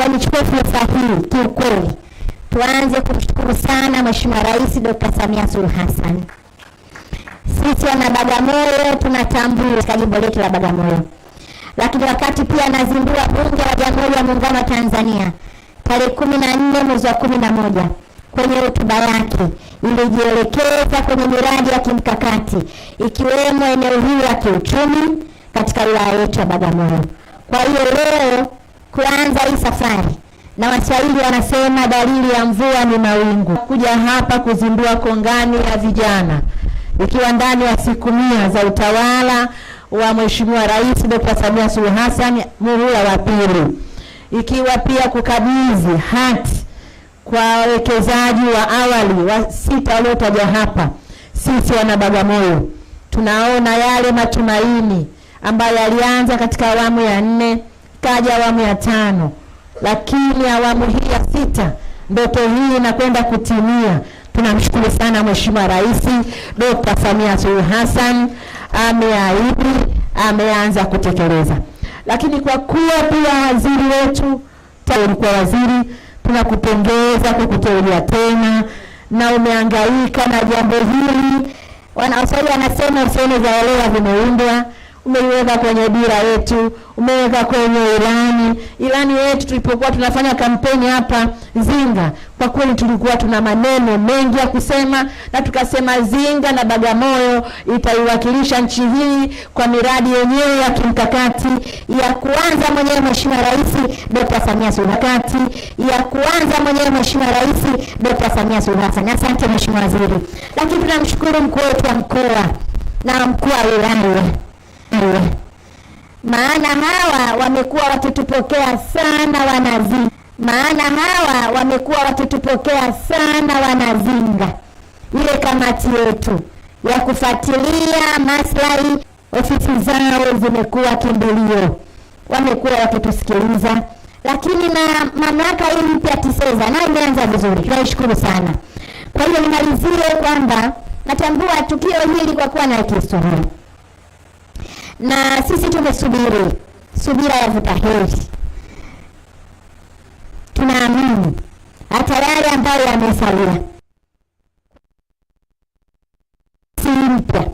wanichukue fursa hii kiukweli, tuanze kumshukuru sana Mheshimiwa Rais Dr. Samia Suluhu Hassan. Sisi wana Bagamoyo tunatambua katika jimbo letu la Bagamoyo, lakini wakati pia nazindua bunge la Jamhuri ya Muungano wa Tanzania tarehe kumi na nne mwezi wa kumi na moja kwenye hotuba yake ilijielekeza kwenye miradi ya kimkakati ikiwemo eneo hili la kiuchumi katika wilaya yetu ya Bagamoyo. Kwa hiyo leo kuanza hii safari, na Waswahili wanasema dalili ya mvua ni mawingu. Kuja hapa kuzindua kongani ya vijana ikiwa ndani ya siku mia za utawala wa Mheshimiwa Rais Dr. Samia Suluhu Hassan muhula wa pili, ikiwa pia kukabidhi hati kwa wawekezaji wa awali wa sita waliotaja hapa. Sisi wana Bagamoyo tunaona yale matumaini ambayo yalianza katika awamu ya nne kaja awamu ya tano, lakini awamu hii ya sita ndoto hii inakwenda kutimia. Tunamshukuru sana Mheshimiwa Rais Dr. Samia Suluhu Hassan, ameahidi, ameanza kutekeleza. Lakini kwa kuwa pia waziri wetu kwa waziri, tunakupongeza kwa kuteuliwa tena, na umeangaika na jambo hili. Waswahili wanasema useme zaelewa vimeundwa umeiweka kwenye dira yetu, umeweka kwenye ilani ilani yetu. Tulipokuwa tunafanya kampeni hapa Zinga, kwa kweli tulikuwa tuna maneno mengi ya kusema, na tukasema Zinga na Bagamoyo itaiwakilisha nchi hii kwa miradi yenyewe ya kimkakati ya kuanza mwenyewe Mheshimiwa Rais Dr. Samia Suluhu ya kuanza mwenyewe Mheshimiwa Rais Dr. Samia Suluhu Hassan. Asante Mheshimiwa Waziri, lakini tunamshukuru mkuu wetu wa mkoa na mkuu wa wilaya nawe, maana hawa wamekuwa wakitupokea sana wanazinga, maana hawa wamekuwa wakitupokea sana wanazinga. Ile kamati yetu ya kufuatilia maslahi, ofisi zao zimekuwa kimbilio, wamekuwa wakitusikiliza lakini na mamlaka hii mpya TISEZA nayo imeanza vizuri, tunaishukuru sana. Kwa hiyo nimalizie kwamba natambua tukio hili kwa kuwa na kihistoria na sisi tumesubiri subira ya vuta Tunaamini hata yale ambayo yamesalia si mpya,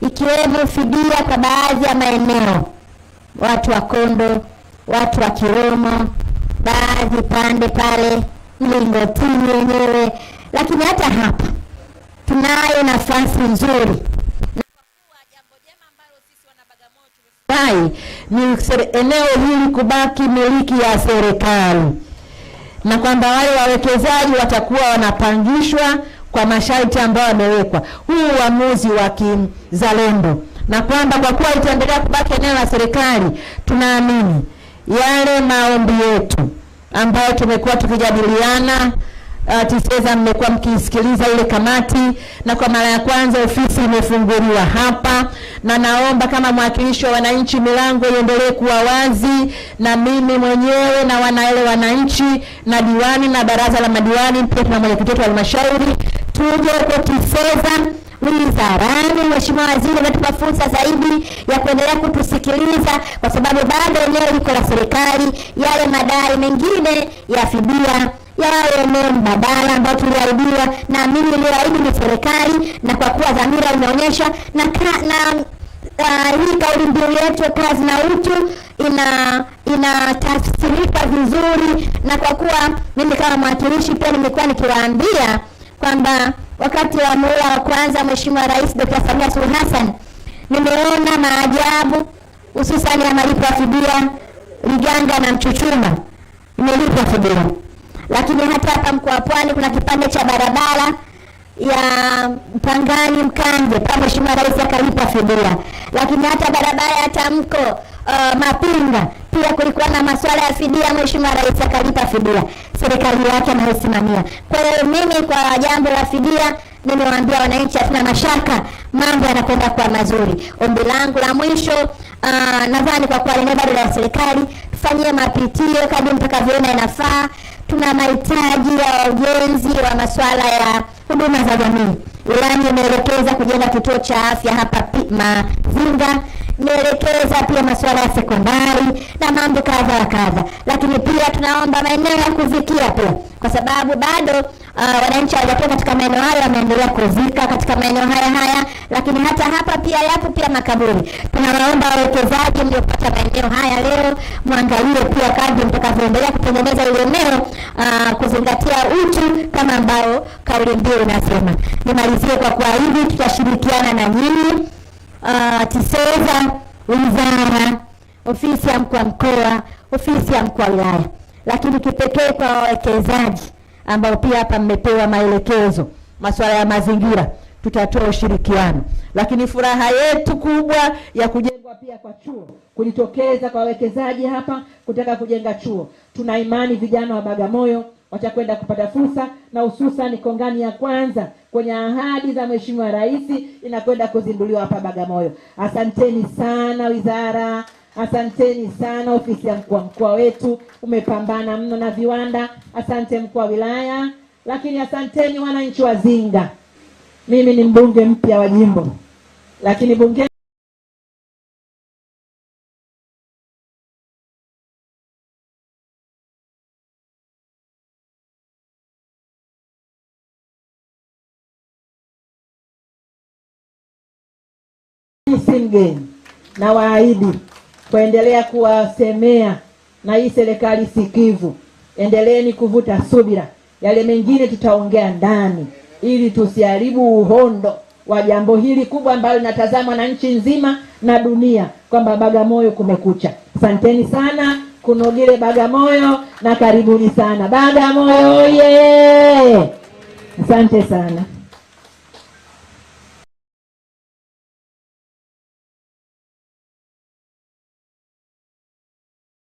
ikiwemo fidia kwa baadhi ya maeneo, watu wa Kondo, watu wa Kiromo, baadhi pande pale Mlingotini wenyewe, lakini hata hapa tunayo nafasi nzuri Hai ni eneo hili kubaki miliki ya serikali na kwamba wale wawekezaji watakuwa wanapangishwa kwa masharti ambayo yamewekwa. Huu uamuzi wa kizalendo na kwamba kwa kuwa itaendelea kubaki eneo la serikali, tunaamini yale maombi yetu ambayo tumekuwa tukijadiliana uh, ah, TISEZA mmekuwa mkiisikiliza ile kamati, na kwa mara ya kwanza ofisi imefunguliwa hapa, na naomba kama mwakilishi wa wananchi milango iendelee kuwa wazi, na mimi mwenyewe na wanaele wananchi na diwani na baraza la madiwani pia tuna mwenyekiti wetu wa halmashauri, tuje kwa TISEZA wizarani. Mheshimiwa Waziri ametupa fursa zaidi ya kuendelea kutusikiliza, kwa sababu bado eneo liko la serikali, yale madai mengine ya fidia yale mema mbadala ambayo tuliahidiwa, na mimi niliyoahidi ni serikali, na kwa kuwa dhamira imeonyesha na, na Uh, hii kauli mbiu yetu kazi na utu ina inatafsirika vizuri, na kwa kuwa mimi kama mwakilishi pia nimekuwa nikiwaambia kwamba wakati wa muhula wa kwanza Mheshimiwa Rais Dr. Samia Suluhu Hassan, nimeona maajabu hususani ya malipo ya fidia Liganga na Mchuchuma, nimelipwa fidia lakini hata hapa mkoa wa Pwani kuna kipande cha barabara ya Mpangani mkange pa Mheshimiwa Rais akalipa fidia, lakini hata barabara ya Tamko uh, Mapinga pia kulikuwa na masuala ya fidia, Mheshimiwa Rais akalipa fidia, serikali yake anayosimamia. Kwa hiyo mimi kwa jambo la fidia nimewaambia wananchi, hatuna mashaka, mambo yanakwenda kuwa mazuri. Ombi langu la mwisho uh, nadhani kwa kuwa ni bado la serikali, fanyie mapitio kadri mtakavyoona inafaa tuna mahitaji ya ujenzi wa masuala ya huduma za jamii. Ilani imeelekeza kujenga kituo cha afya hapa Mazinga, imeelekeza pia masuala ya sekondari na mambo kadha wa kadha, lakini pia tunaomba maeneo ya kuzikia pia, kwa sababu bado Uh, wananchi hawajakuwa katika maeneo hayo, wameendelea kuzika katika maeneo haya haya, lakini hata hapa pia yapo pia makaburi. Tunawaomba wawekezaji mliopata maeneo haya leo mwangalie pia kadri kuendelea kutengeneza ile eneo ah, kuzingatia utu kama ambayo kauli mbiu inasema. Nimalizie kwa kuahidi tutashirikiana na nyinyi ah, TISEZA, wizara, ofisi ya mkuu wa mkoa, ofisi ya mkuu wa wilaya, lakini kipekee kwa wawekezaji ambao pia hapa mmepewa maelekezo masuala ya mazingira, tutatoa ushirikiano, lakini furaha yetu kubwa ya kuja kuwa pia kwa chuo, kujitokeza kwa wawekezaji hapa kutaka kujenga chuo. Tuna imani vijana wa Bagamoyo watakwenda kupata fursa na hususan kongani ya kwanza kwenye ahadi za Mheshimiwa Rais inakwenda kuzinduliwa hapa Bagamoyo. Asanteni sana wizara, asanteni sana ofisi ya mkuu wa mkoa wetu, umepambana mno na viwanda. Asante mkuu wa wilaya, lakini asanteni wananchi wa Zinga. Mimi ni mbunge mpya wa jimbo, lakini bunge si mgeni, na waahidi kuendelea kuwasemea na hii serikali sikivu, endeleeni kuvuta subira. Yale mengine tutaongea ndani, ili tusiharibu uhondo wa jambo hili kubwa ambalo linatazamwa na nchi nzima na dunia kwamba Bagamoyo kumekucha. Asanteni sana, kunogile Bagamoyo na karibuni sana Bagamoyo ye yeah! Asante sana.